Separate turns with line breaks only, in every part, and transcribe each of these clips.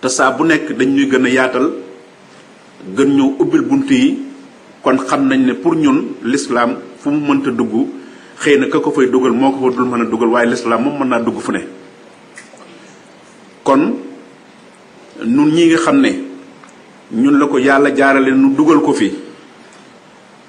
te saa bu nekk dañ gën a yaatal gën ñoo ubbil bunt yi kon xam nañ ne pour ñun lislaam fu mu mënta dugg xëy na ka ko fay dugal moo ko fa mën a dugal waaye l'islam moom mën naa dugg fu ne kon nun ñi nga xam ne ñun la ko yàlla jaarale nu dugal ko fi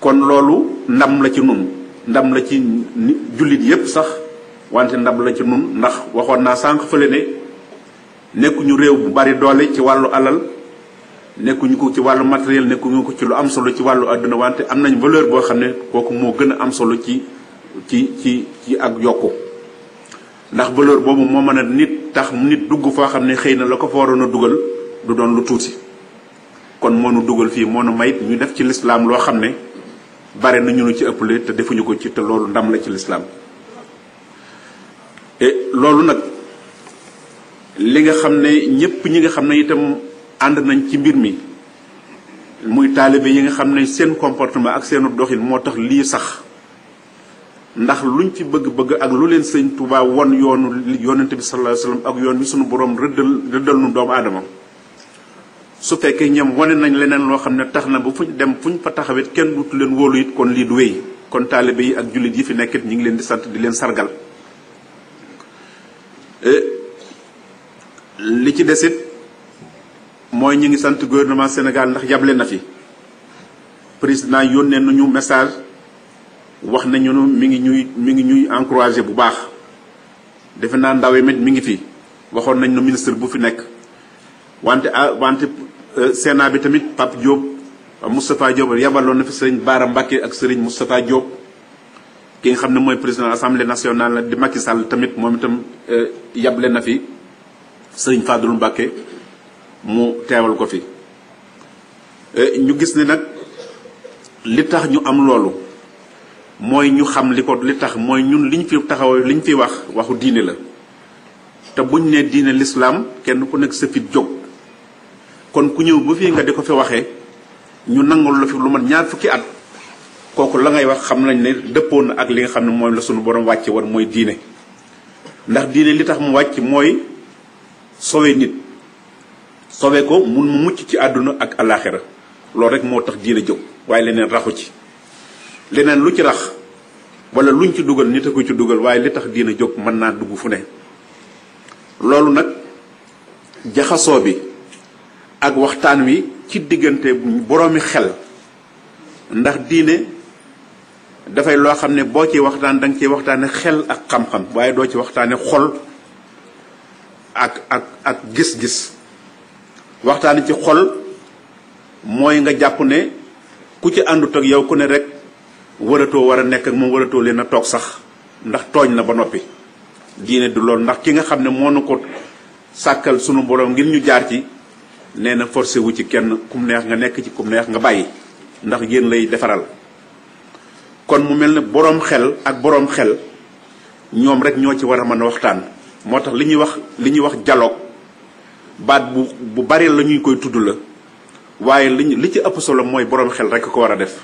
kon loolu ndam la ci nun ndam la ci jullit yépp sax wante ndam la ci nun ndax waxoon naa sànq fële ne nekkuñu réew mu bari doole ci wàllu alal nekkuñu ko ci wàllu matériel nekku nekkuñu ko ci lu am solo ci wàllu àdduna wante am nañ valeur boo xam ne kooku moo gën a am solo ci ci ci ci ak yokku ndax valeur boobu moo mën a nit tax nit dugg foo xam ne xëy na la ko fa waroon a dugal du doon lu tuuti kon moo dugal fii moo nu mayit ñu def ci lislaam loo xam ne bare nañu nu ci ëppale te defuñu ko ci te loolu ndam la ci lislaam e loolu nag li nga xam ne ñëpp ñi nga xam ne itam ànd nañ ci mbir mi muy taalibe yi nga xam ne seen comportement ak seenu doxin moo tax lii sax ndax luñ ci bëgg-bëgg ak lu leen sëñ Tuubaa won yoonu yonent bi sallallahu alayhi ak yoon wi sunu boroom rëddal rëddal nu doomu aadama su fekkee ñem wane nañ leneen loo xam ne tax na bu fuñ dem fuñ fa taxawit kenn dutu leen wóolu it kon lii du wéy kon taalibe yi ak jullit yi fi nekkit ñi ngi leen di sant di leen sargal eh, li ci desit mooy ñu ngi sant gouvernement Sénégal ndax yable na fi président yónnee nañu message wax nañu ne mi ngi ñuy mi ngi ñuy encouragé bu baax defe naa ndaw yi mi ngi fi waxoon nañ ne ministre bu fi nekk wante ah, wante euh, Sénat bi tamit Pape Diop Moustapha Diop yabaloon na fi sëriñ Baara Mbacke ak sëriñ Moustapha Diop ki nga xam ne mooy président assemblée nationale di Macky sàll tamit moom itam euh, yable na fi. sëriñ Fadlou Mbacké mu teewal ko fi e, ñu gis ni nag li tax ñu am loolu mooy ñu xam li ko li tax mooy ñun liñ fi taxaw liñ fi wax waxu diine la te buñ ne diine lislaam kenn ku nekk sa fit jóg kon ku ñëw ba fii nga di ko fi waxee ñu nangul la fi lu mat ñaar fukki at kooku la ngay wax xam nañ ne dëppoon na ak li nga xam ne mooy la sunu borom wàcce woon mooy diine ndax diine li tax mu wàcc mooy soowe nit sowe ko mun mu mucc ci àdduna ak alaxira loolu rek moo tax diine jóg waaye leneen raxu ci leneen lu ci rax wala luñ ci dugal nit a ko ci dugal waaye li tax diine jóg mën naa dugg fu ne loolu nag jaxasoo bi ak waxtaan wi ci diggante boroomi xel ndax diine dafay loo xam ne boo ci waxtaan da nga ciy waxtaane xel ak xam-xam waaye doo ci waxtaane xol ak ak ak gis-gis waxtaan ci xol mooy nga jàpp ne ku ci àndut ak yow ku ne rek waratoo war a nekk ak moom waratoo leen a toog sax ndax tooñ na ba noppi diine du lool ndax ki nga xam ne moo nu ko sàkkal sunu borom ngir ñu jaar ci nee na forcé wu ci kenn kum neex nga nekk ci kum nga bàyyi ndax yéen lay defaral kon mu mel ni boroom xel ak boroom xel ñoom rek ñoo ci war a mën a waxtaan moo tax li ñuy wax li ñuy wax dialogue baat bu bu bari la ñuy koy tudd la waaye li li ci ëpp solo mooy borom xel rek ko war a def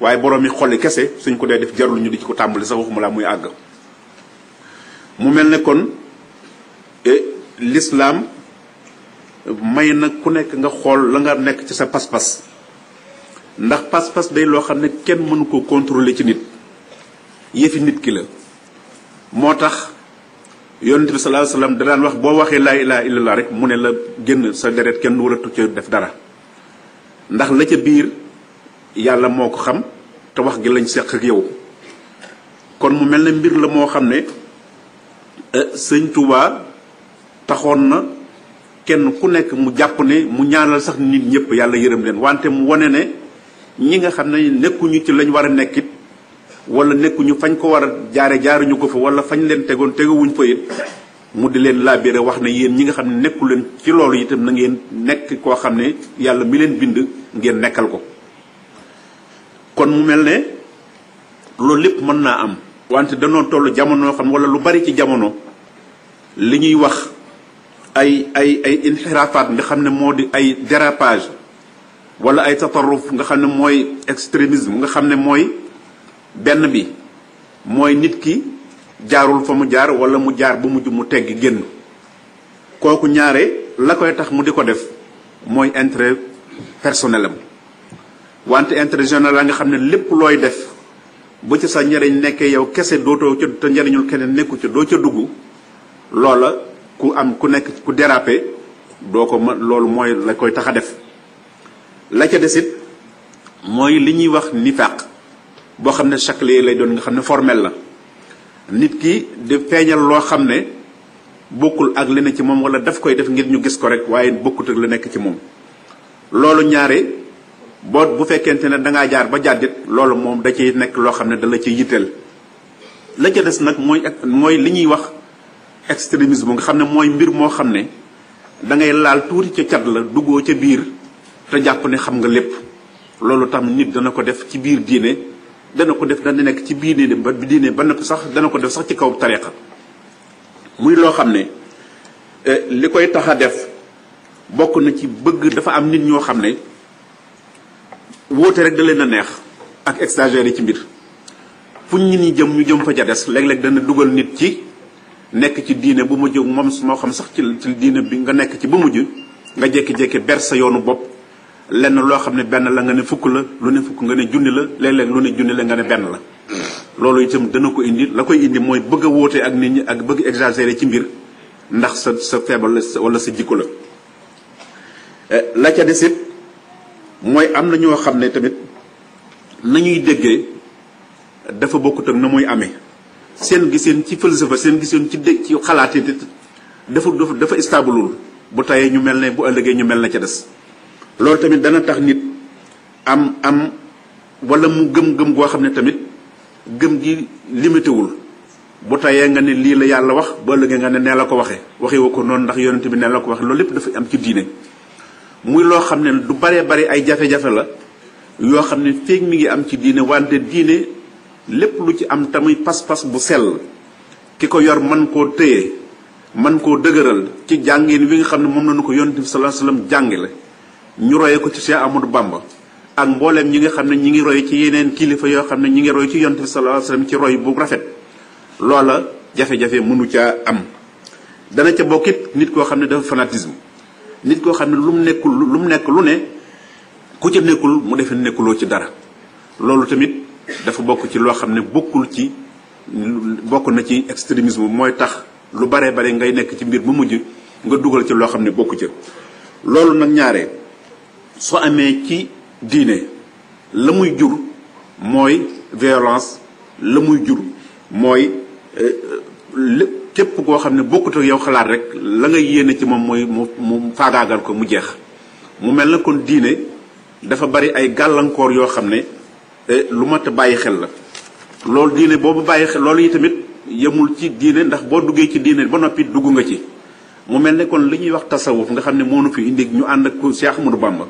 waaye borom yi xolli kese suñ ko dee def jarul ñu di ci ko tàmbali sax waxuma laa muy àgg. mu mel ne kon e, lislaam may na ku nekk nga xool la nga nekk ci sa pas-pas ndax pas-pas day loo xam ne kenn mënu ko contrôler ci nit yëfi nit ki la moo tax. yonent bi sallallahu alayhi da daan wax boo waxee laa ilaha illallah rek mu ne la génn sa deret kenn waratu ci def dara ndax la ca biir yàlla moo ko xam te wax gi lañ seq ak yow kon mu mel ne mbir la moo xam ne eh, sëñ Tuubaa taxoon na kenn ku nekk mu jàpp ne mu ñaanal sax nit ñëpp yàlla yërëm leen wante mu wane ne ñi nga xam ne nekkuñu ci lañ war a nekkit wala nekkuñu fañ ko war a jaare jaaruñu ko fa wala fañ leen tegoon tegawuñ fa it mu di leen laabire wax na yéen ñi nga xam ne nekku leen ci loolu itam na ngeen nekk koo xam ne yàlla mi leen bind ngeen nekkal ko kon mu mel ne loolu lépp mën naa am wante danoo toll jamono xam wala lu bari ci jamono li ñuy wax ay ay ay inxiraafaat nga xam ne moo di ay dérapage wala ay tatarruf nga xam ne mooy extrémisme nga xam ne mooy benn bi mooy nit ki jaarul fa mu jaar wala mu jaar bu mujj mu tegg génn kooku ñaare la koy tax mu di ko def mooy intérêt personnel am wante intérêt général la nga xam ne lépp looy def bu ca sa njëriñ nekkee yow kese dootoo ca te njëriñul keneen nekku ca doo ca dugg loola ku am ku nekk ku dérapé doo ko ma loolu mooy la koy tax a def la ca desit mooy li ñuy wax ni nifaq boo xam ne chaclier lay doon nga xam ne formel la nit ki di feeñal loo xam ne bokkul ak li ci moom wala daf koy def ngir ñu gis ko rek waaye bokkut ak li nekk ci moom loolu ñaare boot bu fekkente ne dangaa jaar ba jàddit loolu moom da ciy nekk loo xam ne dala ciy yitteel la ca des nag mooy mooy li ñuy wax extrémisme nga xam ne mooy mbir moo xam ne da ngay laal tuuti ca cat la duggoo ca biir te jàpp ne xam nga lépp loolu tam nit dana ko def ci biir diine dana ko def dana nekk ci biir diine ba diine ba noppi sax dana ko def sax ci kaw tariqa muy loo xam ne eh, li koy tax a def bokk na ci bëgg dafa am nit ñoo xam ne wóote rek da leen a neex ak yi ci mbir fu nit ñi jëm ñu jëm fa ca des léeg-léeg dana dugal nit ci nekk ci diine bu mu mujj moom su moo xam sax ci diine bi nga nekk ci ba mujj nga jékki-jékki ber sa yoonu bopp lenn loo xam ne benn la nga ne fukk la lu ne fukk nga ne junni la léeg lu ne junni la nga ne benn la loolu itam dana ko indi la koy indi mooy bëgg a ak nit ñi ak bëgg exagéré ci mbir ndax sa sa feebar la wala sa jikko la eh, la ca des it mooy am na ñoo xam ne tamit ñuy déggee dafa bokkut ak na muy amee seen giseen ci falsafa seen giseen ci dégg ci xalaat it dafa dafa dafa bu tayee ñu mel ne bu ëllëgee ñu mel na ca des loolu tamit dana tax nit am am wala mu gëm-gëm goo xam ne tamit gëm gi limité wul bu tayee nga ne lii la yàlla wax ba ëllëgee nga ne nee la ko waxee waxee ko noonu ndax yonent bi nee la ko waxee loolu lépp dafa am ci diine muy loo xam ne du baree bari ay jafe-jafe la yoo xam ne féeg mi ngi am ci diine wante diine lépp lu ci am tamuy pas-pas bu sell ki ko yor man koo téye man koo dëgëral ci jàngeen wi nga xam ne moom la ñu ko yonent bi sallallahu alayhi wasallam jàngale ñu royee ko ci Cheikh Amadou Bamba ak mbooleem ñi nga xam ne ñi ngi roy ci yeneen kilifa yoo xam ne ñi ngi roy ci yonte bi sallallahu alayhi wasallam ci roy bu rafet loola jafe-jafe mënu caa am dana ca bokkit nit koo xam ne dafa fanatisme nit koo xam ne lu mu nekkul lu mu nekk lu ne ku ca nekkul mu defe nekkuloo ci dara loolu tamit dafa bokk ci loo xam ne bokkul ci bokk na ci extrémisme mooy tax lu baree bare ngay nekk ci mbir mu mujj nga dugal ci loo xam ne bokku ca loolu nag ñaare su amee ci diine la muy jur mooy violence la muy jur mooy euh, euh, lépp képp koo xam ne bokkut ak yow xalaat rek la nga yéene ci moom mooy mu mu faagaagal ko mu jeex mu mel na kon diine dafa bari ay gàllankoor yoo xam ne euh, lu mat a bàyyi xel la loolu diine boobu bàyyi xel loolu yi tamit yemul ci diine ndax boo duggee ci diine ba noppi dugg nga ci mu mel ne kon li ñuy wax tasawuf nga xam ne moo nu fi indi ñu ànd ak Cheikh Ahmadou Bamba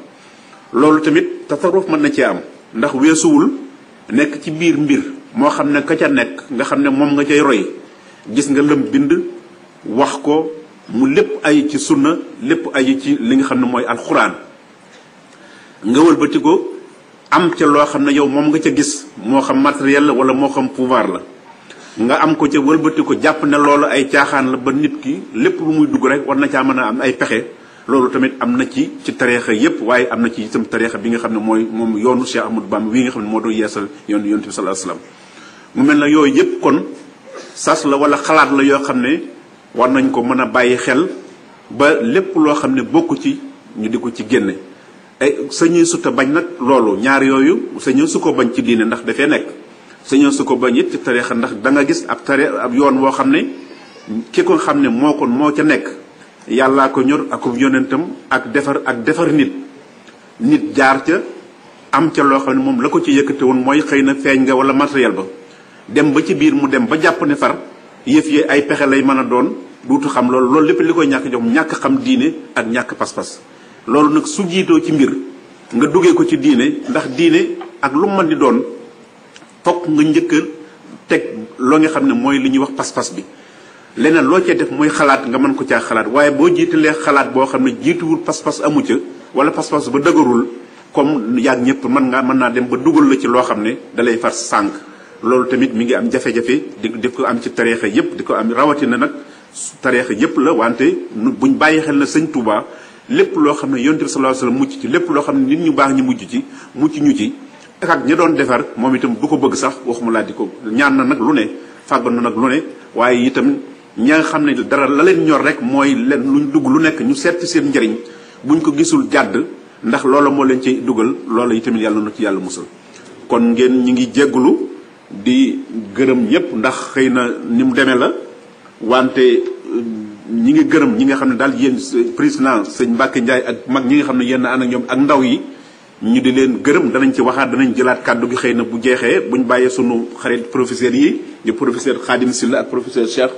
loolu tamit tasaruf mën na cee am ndax weesuwul nekk ci biir mbir moo xam ne ka ca nekk nga xam ne moom nga cay roy gis nga lëm bind wax ko mu lépp ay ci sunna lépp ay ci li nga xam ne mooy alxuraan nga wëlbati ko am ca loo xam ne yow moom nga ca gis moo xam matériel la wala moo xam pouvoir la nga am ko ca wëlbati ko jàpp ne loolu ay caaxaan la ba nit ki lépp lu muy dugg rek war na caa mën a am ay pexe loolu tamit am na ci ci tariixa yépp waaye am na ci itam tariixa bi nga xam ne mooy moom yoonu Cheikh Ahmadou Bamba wi nga xam ne moo doon yeesal yoon yonent bi sallallahu alayhi wasallam mu mel na yooyu yépp kon sas la wala xalaat la yoo xam ne war nañ ko mën a bàyyi xel ba lépp loo xam ne bokk ci ñu di ko ci génne ay eh, sañuy bañ nag loolu ñaar yooyu sañuy su ko bañ ci diine ndax dafee nekk sañuy su ko bañ it ci tariixa ndax danga gis ab tare ab yoon woo xam ne ki ko xam ne moo kon moo ca nekk yàllaa ko ñor akub yonentam ak defar ak defar nit nit jaar ca am ca loo xam ne moom la ko ci yëkkate woon mooy xëy na feeñ nga wala matériel ba dem ba ci biir mu dem ba jàpp ne far yëf yi ay pexe lay mën a doon duutu xam loolu loolu lépp li koy ñàkk jom ñàkk xam diine ak ñàkk pas loolu nag su jiitoo ci mbir nga duggee ko ci diine ndax diine ak lu mën di doon fokk nga njëkk teg loo nga xam ne mooy li ñuy wax pas bi leneen loo cee def muy xalaat nga mën ko caa xalaat waaye boo jiitlee xalaat boo xam ne jiituwul pas-pas amu ca wala pas-pas ba dëgërul comme yaag ñëpp mën nga mën naa dem ba dugal la ci loo xam ne dalay far sànq loolu tamit mu ngi am jafe-jafe di di ko am ci tariixa yëpp di ko am rawatina nag tariixa yëpp la wante buñ bàyyi xel na sëñ Touba lépp loo xam ne yonent bi sallallahu mucc ci lépp loo xam ne nit ñu baax ñu mujj ci mucc ñu ci ak ña doon defar moom itam du ko bëgg sax waxuma laa di ko ñaan na nag lu ne fàggoon nag lu ne ña nga xam ne dara la leen ñor rek mooy leen lu luñ dugg lu nekk ñu seet ci seen bu ñu ko gisul jàdd ndax loola moo leen ci dugal loola itamit yàlla na ci yàlla musal kon ngeen ñi ngi jégglu di gërëm ñëpp ndax xëy na ni mu demee la wante euh, ñi ngi gërëm ñi nga xam ne daal yéen président sëñ Mbacke Ndiaye ak mag ñi nga xam ne yéen ànd ñoom ak ndaw yi ñu di leen gërëm danañ ci waxaat danañ jëlaat kàddu gi xëy na bu jeexee buñ bàyyee sunu xarit professeur yi di professeur Khadim Sylla ak professeur Cheikh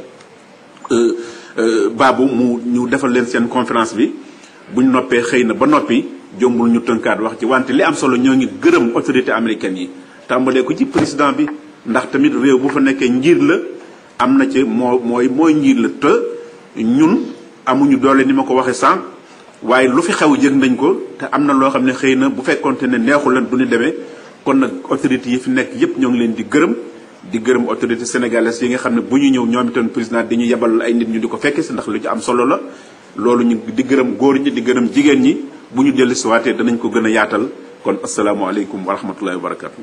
Euh, euh, baabu mu ñu defal leen seen conférence bi bu ñu noppee xëy na ba noppi jombul ñu tënkaat wax ci wante li am solo ñoo ngi gërëm autorité américaine yi tàmbalee ko ci président bi ndax tamit réew bu fa nekkee njiir la am na ci moo mooy mooy njiir la te ñun amuñu doole ni ma ko waxee sànq waaye lu fi xew yëg nañ ko te am na loo xam ne xëy na bu fekkonte ne neexul lan du ñu demee kon nag autorité yi fi nekk yépp ñoo ngi leen di gërëm di gërëm autorité sénégalaise yi nga xam ne bu ñu ñëw ñoom itam président dañu yebal ay nit ñu di ko fekke si ndax lu ci am solo la loolu ñu di gërëm góor ñi di gërëm jigéen ñi bu ñu dellu si waatee danañ ko gën a yaatal kon asalaamaaleykum wa rahmatullahi wa barakatu